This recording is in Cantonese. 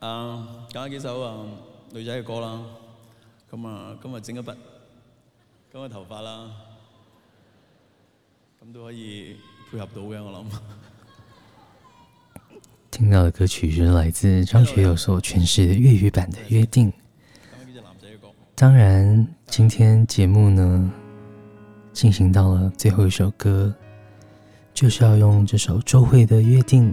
啊，搞幾首啊女仔嘅歌啦，咁啊，今日整一筆，今日頭髮啦，咁都可以配合到嘅我諗。聽到嘅歌曲就是來自張學友所詮釋嘅粵語版嘅《約定》，當然，今天節目呢進行到了最後一首歌，就是要用這首周蕙的《約定》。